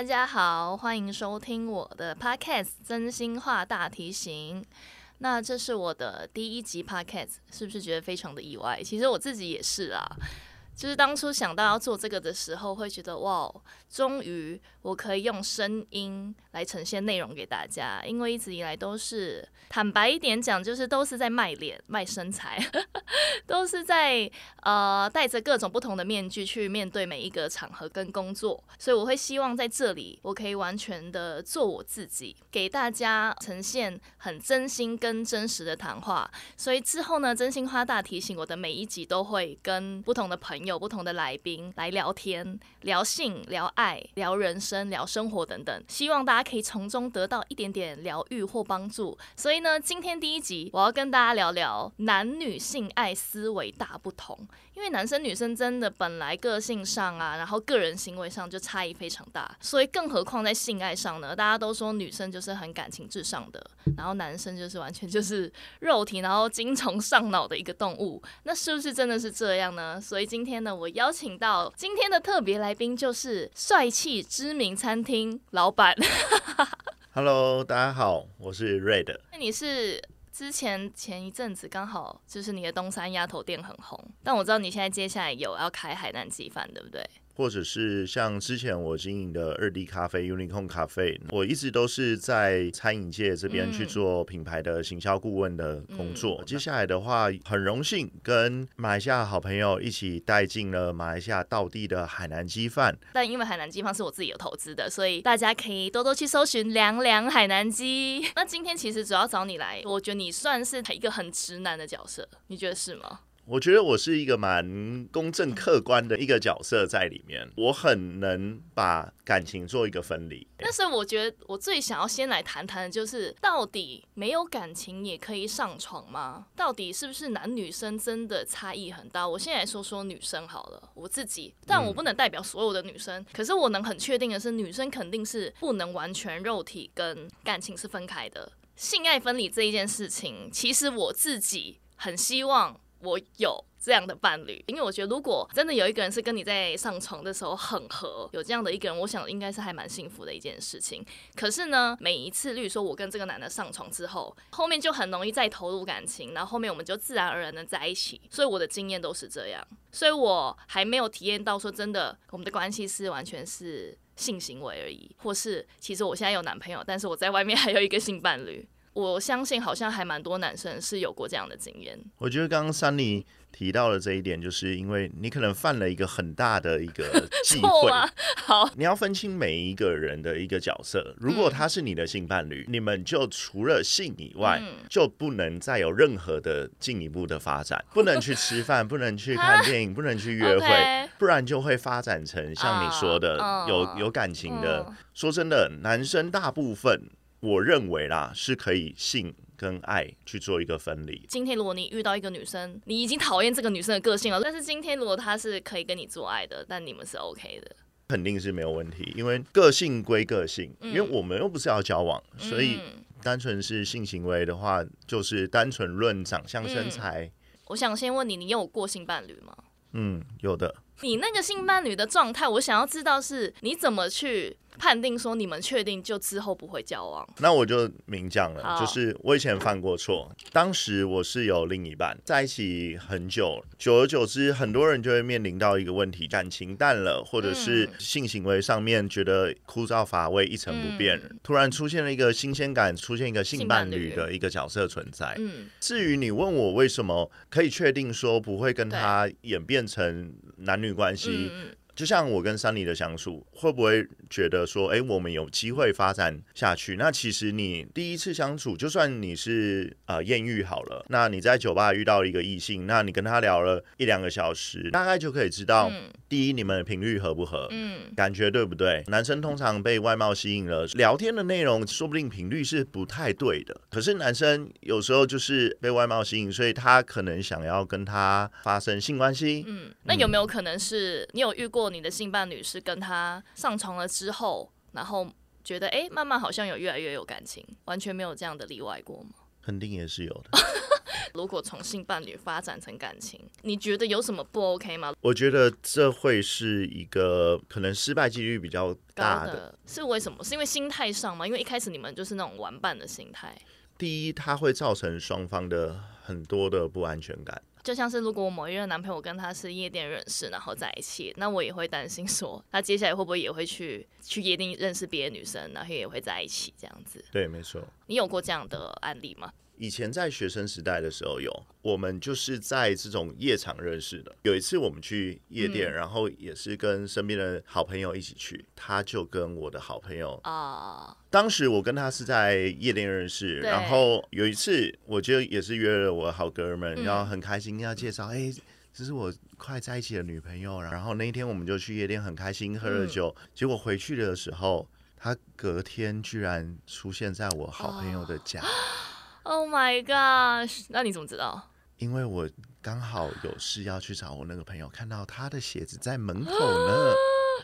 大家好，歡迎收聽我的 podcast《真心話大提醒》。那這是我的第一集 podcast，是不是覺得非常的意外？其實我自己也是啊。就是當初想到要做這個的時候，會覺得哇，終於我可以用聲音來呈現內容給大家。因為一直以來都是，坦白一點講，就是都是在賣臉、賣身材，呵呵都是在呃戴着各種不同的面具去面對每一個場合跟工作。所以我會希望在這裡，我可以完全的做我自己，給大家呈現很真心跟真實的談話。所以之後呢，真心花大提醒我的每一集都會跟不同的朋友。有不同的來賓來聊天，聊性、聊愛、聊人生、聊生活等等，希望大家可以從中得到一點點療癒或幫助。所以呢，今天第一集我要跟大家聊聊男女性愛思維大不同。因為男生女生真的本來個性上啊，然後個人行為上就差異非常大，所以更何況在性愛上呢？大家都說女生就是很感情至上的，然後男生就是完全就是肉體，然後精蟲上腦的一個動物，那是不是真的是這樣呢？所以今天呢，我邀請到今天的特別來賓就是帥氣知名餐廳老闆。哈 Hello，大家好，我是 Red。那你是？之前前一陣子剛好就是你的東山鴨頭店很紅，但我知道你現在接下來有要開海南雞飯，對不對？或者是像之前我經營的二 d 咖啡、Unicon 咖啡，我一直都是在餐飲界這邊去做品牌的行銷顧問的工作。嗯嗯、接下來的話，很榮幸跟馬來西亞好朋友一起帶進了馬來西亞道地的海南雞飯。但因為海南雞飯是我自己有投資的，所以大家可以多多去搜尋涼涼海南雞。 那今天其實主要找你來，我覺得你算是一個很直男的角色，你覺得是嗎？我覺得我是一個蠻公正客觀的一個角色在裡面，我很能把感情做一個分離。但是我覺得我最想要先來談談的就是，到底沒有感情也可以上床嗎？到底是不是男女生真的差異很大？我先來說說女生好了，我自己，但我不能代表所有的女生。可是我能很確定的是，女生肯定是不能完全肉體跟感情是分開的。性愛分離這一件事情，其實我自己很希望。我有這樣的伴侶，因為我覺得如果真的有一個人是跟你在上床的時候很合，有這樣的一個人，我想應該是還蠻幸福的一件事情。可是呢，每一次，例如說我跟這個男的上床之後，後面就很容易再投入感情，然後後面我們就自然而然的在一起。所以我的經驗都是這樣，所以我還沒有體驗到說真的，我們的關係是完全是性行為而已，或是其實我現在有男朋友，但是我在外面還有一個性伴侶。我相信好像還蠻多男生是有過這樣的經驗。我覺得剛剛珊妮提到了這一點，就是因為你可能犯了一個很大的一個忌諱。 好，你要分清每一個人的一個角色。如果他是你的性伴侶，嗯、你們就除了性以外，嗯、就不能再有任何的進一步的發展，嗯、不能去吃飯，不能去看電影， 不能去約會，okay、不然就會發展成像你說的 uh, uh, 有有感情的。Uh, uh. 說真的，男生大部分。我認為啦，是可以性跟愛去做一個分離。今天如果你遇到一個女生，你已經討厭這個女生的個性了，但是今天如果她是可以跟你做愛的，但你們是 OK 的，肯定是沒有問題，因為個性歸個性，因為我們又不是要交往，嗯，所以單純是性行為的話，就是單純論長相身材，嗯。我想先問你，你有過性伴侶嗎？嗯，有的。你那個性伴侶的狀態，我想要知道是，你怎麼去判定說你們確定就之後不會交往？那我就明講了，好好，就是我以前犯過錯，當時我是有另一半在一起很久，久而久之，很多人就會面臨到一個問題，嗯、感情淡了，或者是性行為上面覺得枯燥乏味、一成不變，嗯、突然出現了一個新鮮感，出現一個性伴侶的一個角色存在。嗯，至於你問我為什麼可以確定說不會跟他演變成男女？沒關係。嗯就像我跟 Sunny 的相處，會不會覺得說，哎、欸，我們有機會發展下去？那其實你第一次相處，就算你是呃豔遇好了，那你在酒吧遇到一個異性，那你跟他聊了一兩個小時，大概就可以知道，嗯、第一，你們的頻率合不合？嗯，感覺對不對？男生通常被外貌吸引了，聊天的內容說不定頻率是不太對的。可是男生有時候就是被外貌吸引，所以他可能想要跟他發生性關係。嗯，嗯那有沒有可能是你有遇過？你的性伴侶是跟他上床了之後，然後覺得哎、欸，慢慢好像有越來越有感情，完全沒有這樣的例外過嗎？肯定也是有的。 如果從性伴侶發展成感情，你覺得有什麼不 OK 嗎？我覺得這會是一個可能失敗幾率比較大的，高的。是為什麼？是因為心態上嗎？因為一開始你們就是那種玩伴的心態。第一，它會造成雙方的很多的不安全感。就像是如果我某一任男朋友跟他是夜店認識，然後在一起，那我也會擔心說，他接下來會不會也會去去夜店認識別的女生，然後也會在一起這樣子。對，沒錯。你有過這樣的案例嗎？以前在學生時代的時候有，我們就是在這種夜場認識的。有一次我們去夜店，嗯、然後也是跟身邊的好朋友一起去，他就跟我的好朋友、哦、當時我跟他是在夜店認識，對然後有一次我就也是約了我好哥們，嗯、然後很開心跟他介紹，哎，這是我快在一起的女朋友。然後那一天我們就去夜店，很開心喝了酒，嗯、結果回去的時候，他隔天居然出現在我好朋友的家。哦 Oh my god！那你怎麼知道？因為我剛好有事要去找我那個朋友，看到他的鞋子在門口呢。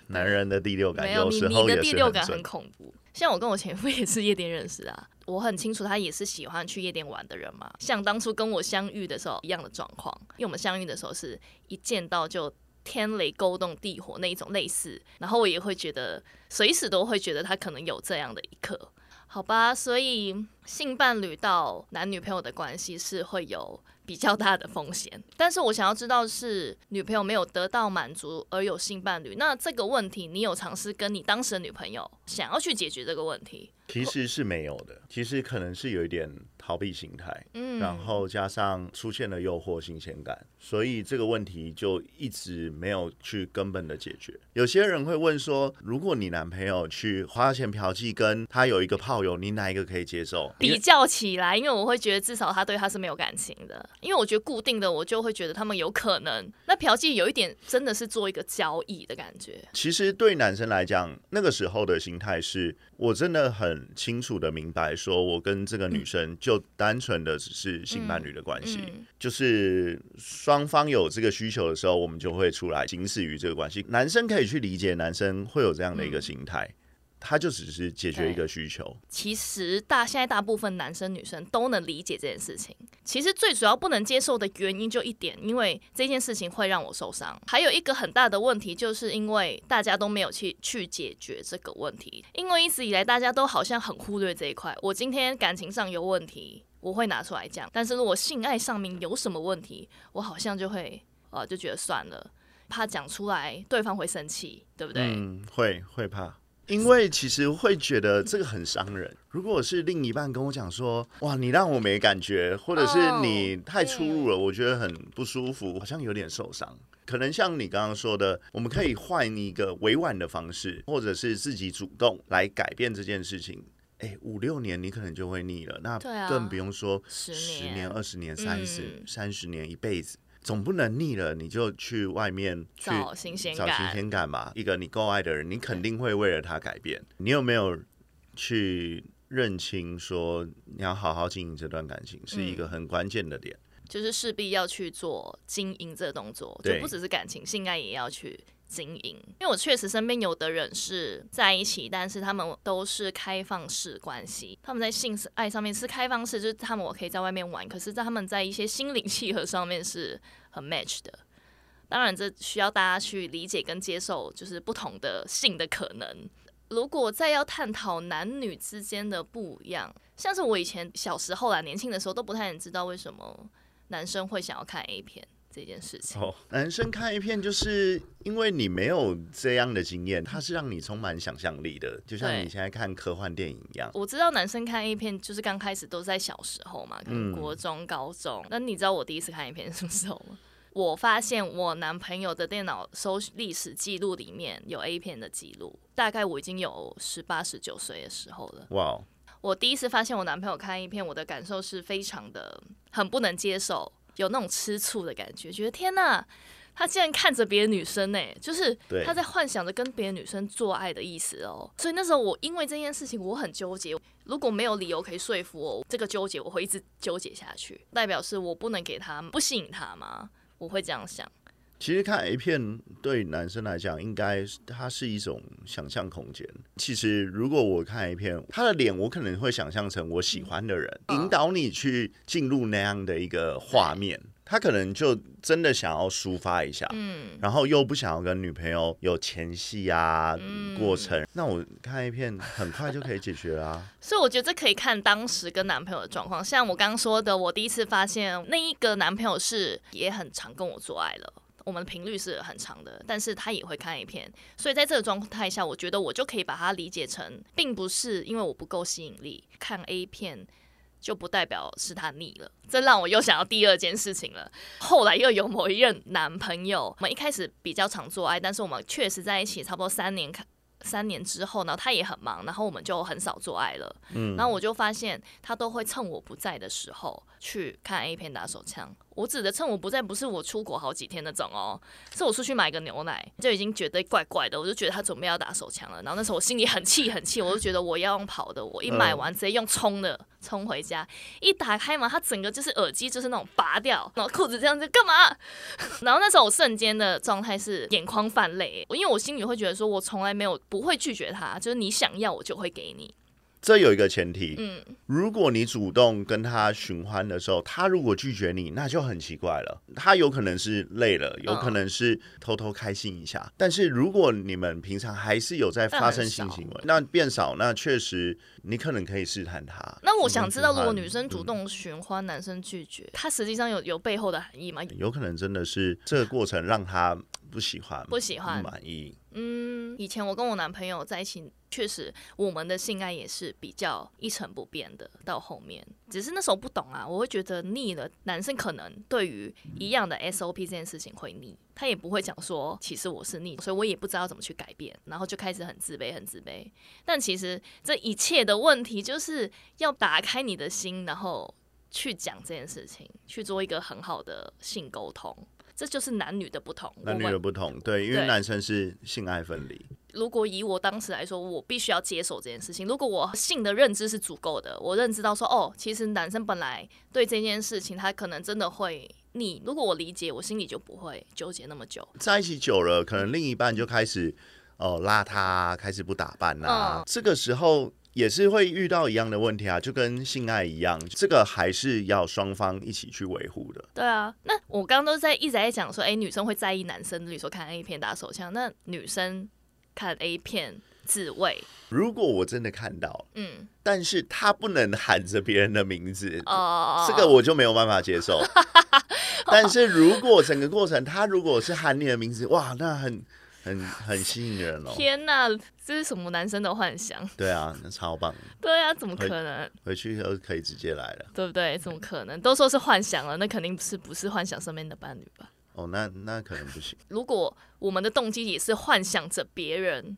男人的第六感有時候也沒有，你的第六感很恐怖。像我跟我前夫也是夜店認識的啊， 我很清楚他也是喜歡去夜店玩的人嘛。像當初跟我相遇的時候一樣的狀況，因為我們相遇的時候是一見到就天雷勾動地火那一種類似，然後我也會覺得隨時都會覺得他可能有這樣的一刻，好吧？所以。性伴侶到男女朋友的關係是會有比較大的風險，但是我想要知道是女朋友沒有得到滿足而有性伴侶，那這個問題你有嘗試跟你當時的女朋友想要去解決這個問題？其實是沒有的，其實可能是有一點逃避心態，嗯，然後加上出現了誘惑新鮮感，所以這個問題就一直沒有去根本的解決。有些人會問說，如果你男朋友去花錢嫖妓，跟他有一個炮友，你哪一個可以接受？比較起來，因為我會覺得至少他對他是沒有感情的，因為我覺得固定的我就會覺得他們有可能。那嫖妓有一點真的是做一個交易的感覺。其實對男生來講，那個時候的心態是我真的很清楚的明白，說我跟這個女生就單純的只是性伴侶的關係，嗯嗯、就是雙方有這個需求的時候，我們就會出來行使於這個關係。男生可以去理解，男生會有這樣的一個心態。嗯他就只是解決一個需求。其實大現在大部分男生女生都能理解這件事情。其實最主要不能接受的原因就一點，因為這件事情會讓我受傷。還有一個很大的問題，就是因為大家都沒有去去解決這個問題。因為一直以來大家都好像很忽略這一塊。我今天感情上有問題，我會拿出來講。但是如果性愛上面有什麼問題，我好像就會呃，就覺得算了，怕講出來對方會生氣，對不對？嗯，會會怕。因為其實會覺得這個很傷人。如果是另一半跟我講說：“哇，你讓我沒感覺，或者是你太粗魯了，我覺得很不舒服，好像有點受傷。”可能像你剛剛說的，我們可以換一個委婉的方式，或者是自己主動來改變這件事情。哎，五六年你可能就會膩了，那更不用說十年、二十年、三十、三十年、一輩子。總不能膩了，你就去外面去找新鮮感找新鮮感嘛。一個你夠愛的人，你肯定會為了他改變。嗯、你有沒有去認清說你要好好經營這段感情，是一個很關鍵的點。嗯、就是勢必要去做經營這個動作，對就不只是感情，性愛也要去經營。因為我確實身邊有的人是在一起，但是他們都是開放式關係，他們在性愛上面是開放式，就是他們我可以在外面玩，可是他們在一些心靈契合上面是。很 match 的。當然這需要大家去理解跟接受，就是不同的性的可能。如果再要探討男女之間的不一樣，像是我以前小時候啦、年輕的時候都不太能知道為什麼男生會想要看 A 片。這件事情，Oh, 男生看 A 片，就是因為你沒有這樣的經驗，它是讓你充滿想象力的，就像你現在看科幻電影一樣。我知道男生看 A 片，就是剛開始都在小時候嘛，可能國中、嗯、高中。那你知道我第一次看 A 片是什麼時候嗎？我發現我男朋友的電腦搜歷史記錄裡面有 A 片的記錄，大概我已經有十八、十九歲的時候了。哇 Wow！我第一次發現我男朋友看 A 片，我的感受是非常的很不能接受。有那種吃醋的感覺，覺得天吶，他竟然看着別的女生呢、欸、就是他在幻想着跟別的女生做愛的意思哦、喔。對所以那時候我因為這件事情我很糾結，如果沒有理由可以說服我，這個糾結我會一直糾結下去，代表是我不能給他，不吸引他嗎？我會這樣想。其實看 A 片對男生來講，應該它，是一種想象空間。其實如果我看 A 片，他的臉我可能會想象成我喜歡的人，引導你去進入那樣的一個畫面。他可能就真的想要抒發一下，嗯，然後又不想要跟女朋友有前戲啊、過程，那我看 A 片很快就可以解決啦啊。嗯，所以我覺得這可以看當時跟男朋友的狀況。像我剛剛說的，我第一次發現那一個男朋友是也很常跟我做愛了。我們的頻率是很長的，但是他也會看 A 片，所以在這個狀態下，我覺得我就可以把它理解成，並不是因為我不夠吸引力看 A 片，就不代表是他膩了。這讓我又想到第二件事情了。後來又有某一任男朋友，我們一開始比較常做愛，但是我們確實在一起差不多三年，三年之後呢，然後他也很忙，然後我們就很少做愛了。嗯，然後我就發現他都會趁我不在的時候去看 A 片打手槍。我指的趁我不在，不是我出國好幾天那種哦，是我出去買個牛奶就已經覺得怪怪的，我就覺得他準備要打手槍了。然後那時候我心裡很氣很氣，我就覺得我要用跑的，我一買完直接用衝的衝回家，嗯、一打開嘛，他整個就是耳機就是那種拔掉，然後褲子這樣子幹嘛？ 然後那時候我瞬間的狀態是眼眶泛淚，因為我心裡會覺得說我從來沒有不會拒絕他，就是你想要我就會給你。這有一個前提，嗯、如果你主動跟他尋歡的時候，他如果拒絕你，那就很奇怪了。他有可能是累了，有可能是偷偷開心一下。嗯、但是如果你們平常還是有在發生性行為，那變少，那確實你可能可以試探他。那我想知道，如果女生主動尋歡，男生拒絕，嗯、他實際上有有背後的含義嗎？有可能真的是這個過程讓他不喜歡，不喜歡，不滿意。嗯，以前我跟我男朋友在一起，確實我們的性愛也是比較一成不變的。到後面，只是那時候不懂啊，我會覺得膩了。男生可能對於一樣的 SOP 這件事情會膩，他也不會講說，其實我是膩，所以我也不知道怎麼去改變，然後就開始很自卑，很自卑。但其實這一切的問題，就是要打開你的心，然後去講這件事情，去做一個很好的性溝通。這就是男女的不同。男女的不同，對，因為男生是性愛分離。如果以我當時來說，我必須要接受這件事情。如果我性的認知是足夠的，我認知到說，哦，其實男生本來對這件事情，他可能真的會膩。如果我理解，我心裡就不會糾結那麼久。在一起久了，可能另一半就開始哦、呃、邋遢，開始不打扮啦、啊。嗯。這個時候。也是會遇到一樣的問題啊，就跟性愛一樣，這個還是要雙方一起去維護的。對啊，那我剛剛都在一直在講說，哎，女生會在意男生，比如說看 A 片打手槍，那女生看 A 片自慰，如果我真的看到，嗯，但是他不能喊着別人的名字，哦，這個我就沒有辦法接受。 但是如果整個過程 他如果是喊你的名字，哇，那很。很很吸引人哦！天哪，啊，這是什麼男生的幻想？對啊，那超棒。對啊，怎麼可能回？回去又可以直接來了，對不對？怎麼可能？都說是幻想了，那肯定不是不是幻想身邊的伴侶吧？哦，那那可能不行。如果我們的動機也是幻想著別人，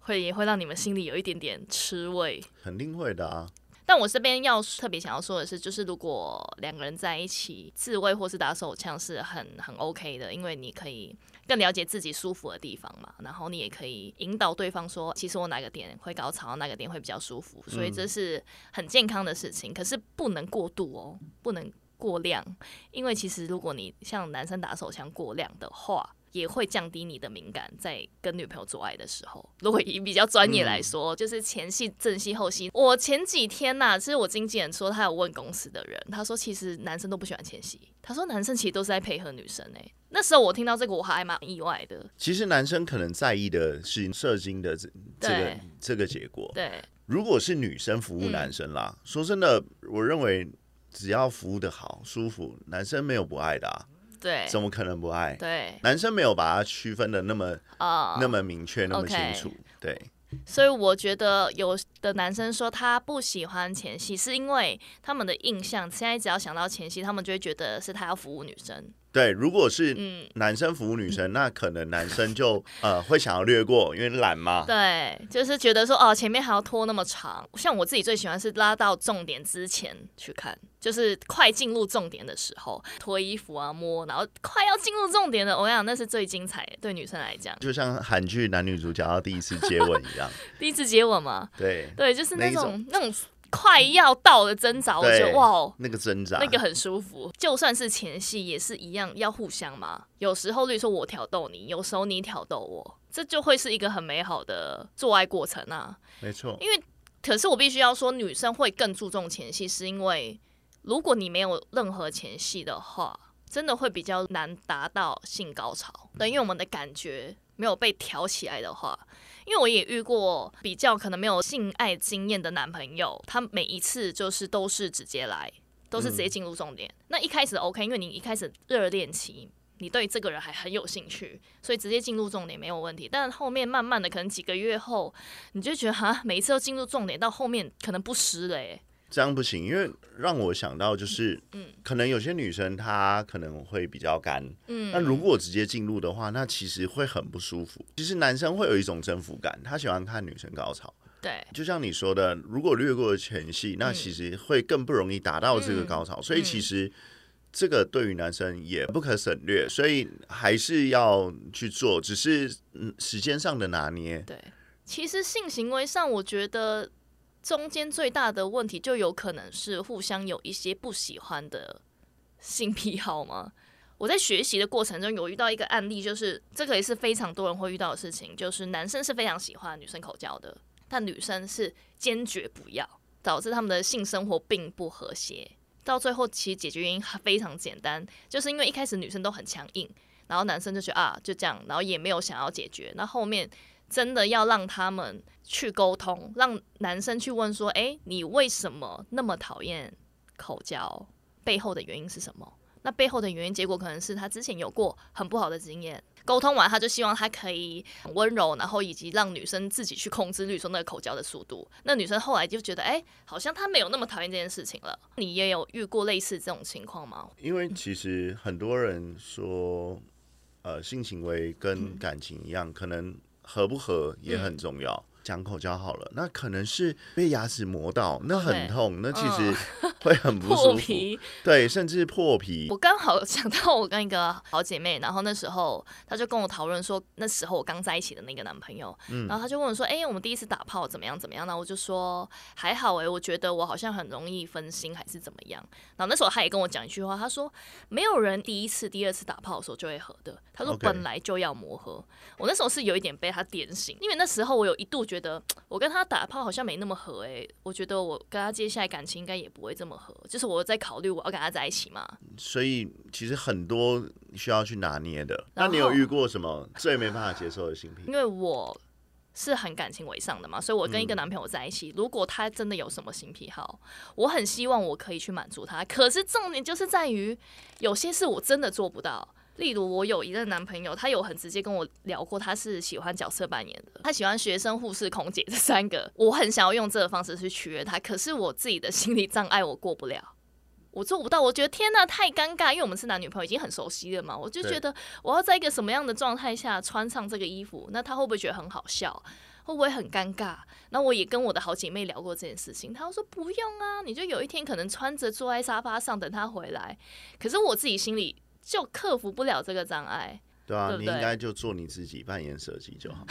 會也會讓你們心裡有一點點吃味。肯定會的啊！但我這邊要特別想要說的是，就是如果兩個人在一起自慰或是打手槍是很很 OK 的，因為你可以。更了解自己舒服的地方嘛，然後你也可以引導對方說，其實我哪個點會高潮，哪個點會比較舒服，所以這是很健康的事情。可是不能過度哦，不能過量，因為其實如果你像男生打手槍過量的話。也會降低你的敏感，在跟女朋友做愛的時候。如果以比較專業來說，嗯、就是前戲、正戲、後戲。我前幾天啊，其實我經紀人說他有問公司的人，他說其實男生都不喜歡前戲，他說男生其實都是在配合女生呢、欸、那時候我聽到這個我還蠻意外的。其實男生可能在意的是射精的這這個對這個結果。對，如果是女生服務男生啦，嗯、說真的，我認為只要服務得好、舒服，男生沒有不愛的、啊。對，怎麼可能不愛？對，男生沒有把他區分的那麼啊，oh, 那麼明確，okay. 那麼清楚。對，所以我覺得有的男生說他不喜歡前戲，是因為他們的印象現在只要想到前戲，他們就會覺得是他要服務女生。對，如果是男生服務女生，嗯、那可能男生就 呃會想要略過，因為懶嘛。對，就是覺得說哦，前面還要拖那麼長，像我自己最喜歡是拉到重點之前去看，就是快進入重點的時候脫衣服啊摸，然後快要進入重點的，我跟你講，那是最精彩的，對女生來講。就像韓劇男女主角要第一次接吻一樣， 第一次接吻嘛。對對，就是那種那種，那種。快要到了掙扎，對我覺得哇，那個掙扎，那個很舒服。就算是前戲也是一樣，要互相嘛。有時候，例如說我挑逗你，有時候你挑逗我，這就會是一個很美好的做愛過程啊。沒錯，因為可是我必須要說，女生會更注重前戲，是因為如果你沒有任何前戲的話，真的會比較難達到性高潮。對、嗯，因為我們的感覺。沒有被挑起來的話，因為我也遇過比較可能沒有性愛經驗的男朋友，他每一次就是都是直接來，都是直接進入重點。嗯、那一開始 OK，因為你一開始熱戀期，你對這個人還很有興趣，所以直接進入重點沒有問題。但後面慢慢的，可能幾個月後，你就覺得哈，每一次都進入重點，到後面可能不濕了哎。這樣不行，因為讓我想到就是，嗯，可能有些女生她可能會比較乾，嗯，那如果直接進入的話，那其實會很不舒服。其實男生會有一種征服感，他喜歡看女生高潮，對，就像你說的，如果略過前戲，那其實會更不容易達到這個高潮。嗯，所以其實這個對於男生也不可省略，所以還是要去做，只是嗯，時間上的拿捏。對，其實性行為上，我覺得。中間最大的問題就有可能是互相有一些不喜歡的性癖好嗎？我在學習的過程中有遇到一個案例，就是這個也是非常多人會遇到的事情，就是男生是非常喜歡女生口交的，但女生是堅決不要，導致他們的性生活並不和諧。到最後，其實解決原因非常簡單，就是因為一開始女生都很強硬，然後男生就覺得啊就這樣，然後也沒有想要解決，那後面。真的要讓他們去溝通，讓男生去問說：“欸，你為什麼那麼討厭口交？背後的原因是什麼？”那背後的原因，結果可能是他之前有過很不好的經驗。溝通完，他就希望他可以溫柔，然後以及讓女生自己去控制，比如說那個口交的速度。那女生後來就覺得：“欸，好像他沒有那麼討厭這件事情了。”你也有遇過類似這種情況嗎？因為其實很多人說，呃，性行為跟感情一樣，嗯、可能。合不合也很重要。嗯講口交好了，那可能是被牙齒磨到，那很痛，對那其實會很不舒服，嗯、對，甚至破皮。我剛好想到我跟一個好姐妹，然後那時候她就跟我討論說，那時候我剛在一起的那個男朋友，嗯、然後她就問我說：“哎、欸，我們第一次打炮怎麼樣？怎麼樣？”呢？我就說：“還好哎、欸，我覺得我好像很容易分心，還是怎麼樣？”然後那時候她也跟我講一句話，她說：“沒有人第一次、第二次打炮的時候就會合的。”她說：“本來就要磨合。” Okay. 我那時候是有一點被她點醒，因為那時候我有一度覺。覺得我跟他打炮好像沒那麼合誒、欸，我覺得我跟他接下來感情應該也不會這麼合，就是我在考慮我要跟他在一起嘛。所以其實很多需要去拿捏的。後那你有遇過什麼最沒辦法接受的性癖？因為我是很感情為上的嘛，所以我跟一個男朋友在一起，嗯、如果他真的有什麼性癖好，我很希望我可以去滿足他。可是重點就是在於，有些事我真的做不到。例如，我有一個男朋友，他有很直接跟我聊過，他是喜歡角色扮演的，他喜歡學生、護士、空姐這三個。我很想要用這個方式去取悅他，可是我自己的心理障礙我過不了，我做不到。我覺得天哪、啊，太尷尬，因為我們是男女朋友，已經很熟悉了嘛。我就覺得我要在一個什麼樣的狀態下穿上這個衣服，那他會不會覺得很好笑？會不會很尷尬？那我也跟我的好姐妹聊過這件事情，她說不用啊，你就有一天可能穿着坐在沙發上等他回來。可是我自己心裡。就克服不了這個障礙，對啊，對對你應該就做你自己，扮演蛇姬就好。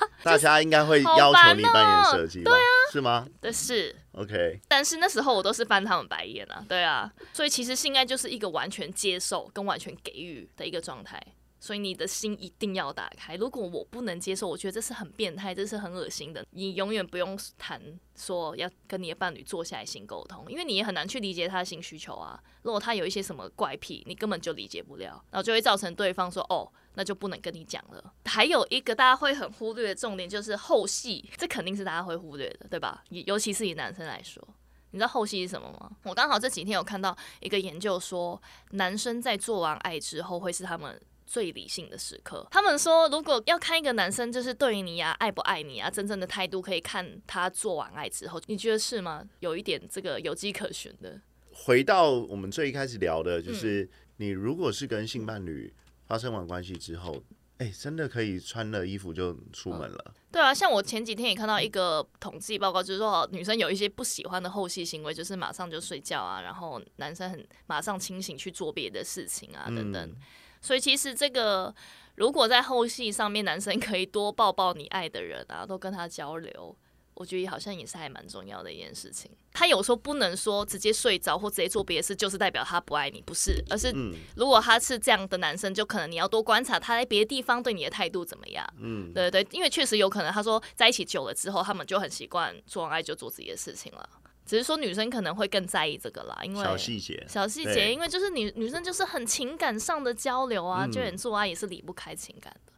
就是、大家應該會要求你扮演蛇姬、哦、對啊，是嗎？的是，OK。但是那時候我都是翻他們白眼啊，對啊，所以其實現在就是一個完全接受跟完全給予的一個狀態。所以你的心一定要打開。如果我不能接受，我覺得這是很變態，這是很噁心的。你永遠不用談說要跟你的伴侶坐下來性溝通，因為你也很難去理解他的性需求啊。如果他有一些什麼怪癖，你根本就理解不了，然後就會造成對方說哦，那就不能跟你講了。還有一個大家會很忽略的重點就是後戲，這肯定是大家會忽略的，對吧？尤其是以男生來說，你知道後戲是什麼嗎？我剛好這幾天有看到一個研究說，男生在做完愛之後會是他們。最理性的時刻，他們說，如果要看一個男生就是對你呀、啊、愛不愛你啊，真正的態度可以看他做完愛之後，你覺得是嗎？有一點這個有跡可循的。回到我們最一開始聊的，就是你如果是跟性伴侶發生完關係之後，哎、嗯欸，真的可以穿了衣服就出門了？嗯、對啊，像我前幾天也看到一個統計報告，就是說女生有一些不喜歡的後續行為，就是馬上就睡覺啊，然後男生很馬上清醒去做別的事情啊，等等。嗯所以其實這個，如果在後戲上面，男生可以多抱抱你愛的人啊，都跟他交流，我覺得好像也是還蠻重要的一件事情。他有時候不能說直接睡着或直接做別的事，就是代表他不愛你，不是，而是如果他是這樣的男生，就可能你要多觀察他在別的地方對你的態度怎麼樣。嗯，對對對，因為確實有可能他說在一起久了之後，他們就很習慣做完愛就做自己的事情了。只是說女生可能會更在意這個啦，因為小細節，小細節，對因為就是女女生就是很情感上的交流啊，嗯、就連做愛啊也是離不開情感的。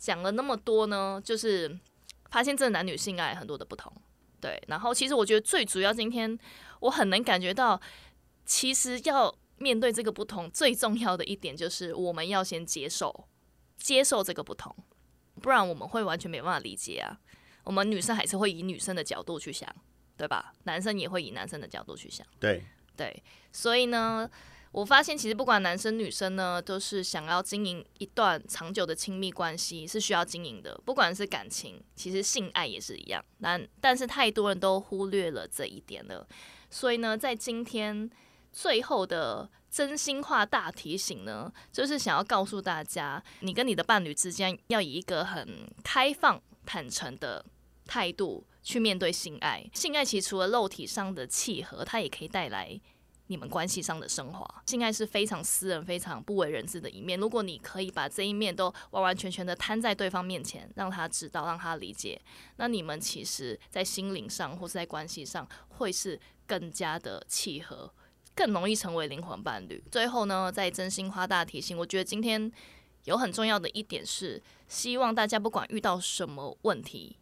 講了那麼多呢，就是發現這男女性愛很多的不同，對。然後其實我覺得最主要今天我很能感覺到，其實要面對這個不同最重要的一點就是我們要先接受，接受這個不同，不然我們會完全沒辦法理解啊。我們女生還是會以女生的角度去想。對吧？男生也會以男生的角度去想。對對，所以呢，我發現其實不管男生女生呢，都是想要經營一段長久的親密關係是需要經營的。不管是感情，其實性愛也是一樣。那但，但是太多人都忽略了這一點了。所以呢，在今天最後的真心話大提醒呢，就是想要告訴大家，你跟你的伴侶之間要以一個很開放、坦誠的態度。去面對性愛，性愛其實除了肉體上的契合，它也可以帶來你們關係上的升華。性愛是非常私人、非常不為人知的一面。如果你可以把這一面都完完全全的攤在對方面前，讓他知道，讓他理解，那你們其實，在心靈上或是在關係上，會是更加的契合，更容易成為靈魂伴侶。最後呢，再真心花大提醒，我覺得今天有很重要的一點是，希望大家不管遇到什麼問題。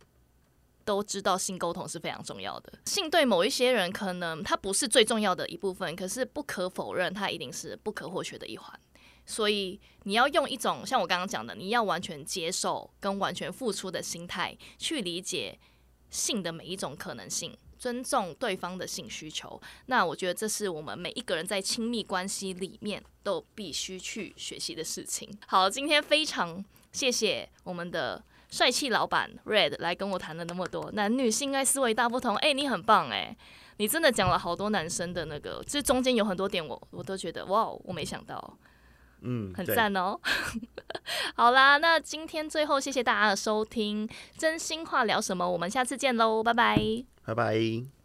都知道性溝通是非常重要的。性對某一些人可能它不是最重要的一部分，可是不可否認，它一定是不可或缺的一環。所以你要用一種像我剛剛講的，你要完全接受跟完全付出的心態去理解性的每一種可能性，尊重對方的性需求。那我覺得這是我們每一個人在親密關係裡面都必須去學習的事情。好，今天非常謝謝我們的。帥氣老闆 Red 來跟我談了那麼多，男女性愛思維大不同。哎、欸，你很棒哎、欸，你真的講了好多男生的那個，這中間有很多點我我都覺得哇，我沒想到，嗯，很讚哦、喔。對 好啦，那今天最後謝謝大家的收聽，真心話聊什麼？我們下次見嘍，拜拜，拜拜。